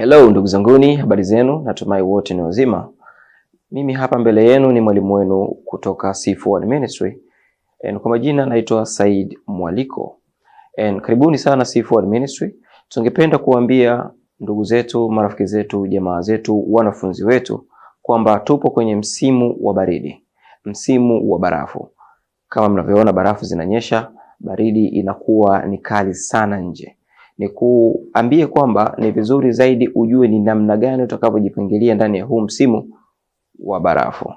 Hello ndugu zanguni, habari zenu, natumai wote ni wazima. Mimi hapa mbele yenu ni mwalimu wenu kutoka c 4 Ministry. And eh, kwa majina naitwa Said Mwaliko. And eh, karibuni sana c 4 Ministry. Tungependa kuambia ndugu zetu, marafiki zetu, jamaa zetu, wanafunzi wetu kwamba tupo kwenye msimu wa baridi, msimu wa barafu. Kama mnavyoona barafu zinanyesha, baridi inakuwa ni kali sana nje ni kuambie kwamba ni vizuri zaidi ujue ni namna gani utakavyojipangilia ndani ya huu msimu wa barafu.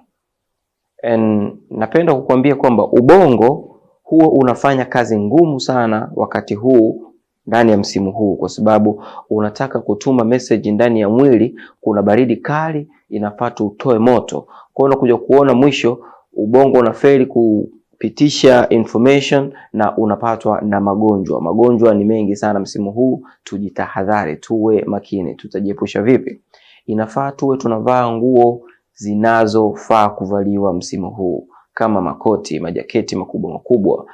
And napenda kukuambia kwamba ubongo huo unafanya kazi ngumu sana wakati huu ndani ya msimu huu, kwa sababu unataka kutuma message ndani ya mwili. Kuna baridi kali, inafaa tuutoe moto. Kwa hiyo unakuja kuona mwisho ubongo unafeli ku pitisha information na unapatwa na magonjwa. Magonjwa ni mengi sana msimu huu, tujitahadhari, tuwe makini. Tutajiepusha vipi? Inafaa tuwe tunavaa nguo zinazofaa kuvaliwa msimu huu kama makoti, majaketi makubwa makubwa,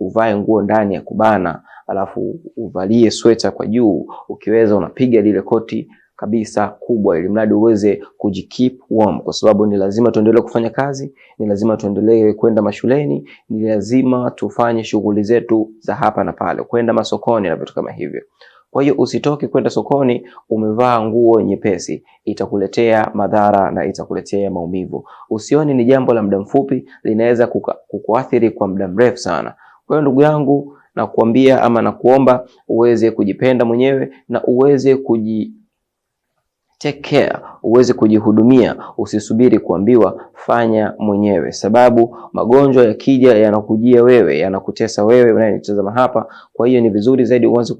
uvae nguo ndani ya kubana, alafu uvalie sweta kwa juu, ukiweza unapiga lile koti kabisa kubwa, ili mradi uweze kujikeep warm, kwa sababu ni lazima tuendelee kufanya kazi, ni lazima tuendelee kwenda mashuleni, ni lazima tufanye shughuli zetu za hapa na pale, kwenda masokoni na vitu kama hivyo. Kwa hiyo usitoke kwenda sokoni umevaa nguo nyepesi, itakuletea madhara na itakuletea maumivu. Usioni ni jambo la muda mfupi, linaweza kukuathiri kwa muda mrefu sana. Kwa hiyo ndugu yangu, nakuambia ama nakuomba uweze kujipenda mwenyewe na uweze kuji Take care, uweze kujihudumia, usisubiri kuambiwa, fanya mwenyewe, sababu magonjwa yakija yanakujia wewe, yanakutesa wewe unayenitazama hapa. Kwa hiyo ni vizuri zaidi uanze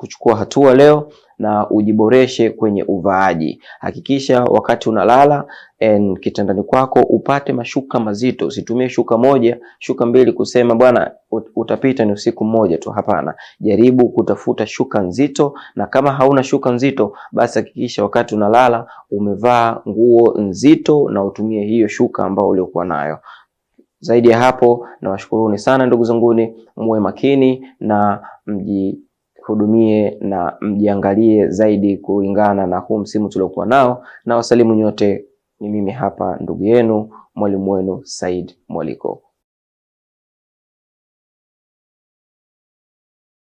kuchukua hatua leo na ujiboreshe kwenye uvaaji. Hakikisha wakati unalala en kitandani kwako upate mashuka mazito, usitumie shuka moja shuka mbili kusema bwana utapita ni usiku mmoja tu. Hapana, jaribu kutafuta shuka nzito, na kama hauna shuka nzito, basi hakikisha wakati unalala umevaa nguo nzito na utumie hiyo shuka ambayo uliokuwa nayo. Zaidi ya hapo, nawashukuruni sana ndugu zanguni, muwe makini na mji hudumie na mjiangalie zaidi kulingana na huu msimu tuliokuwa nao, na wasalimu nyote. Ni mimi hapa ndugu yenu mwalimu wenu Said Mwaliko.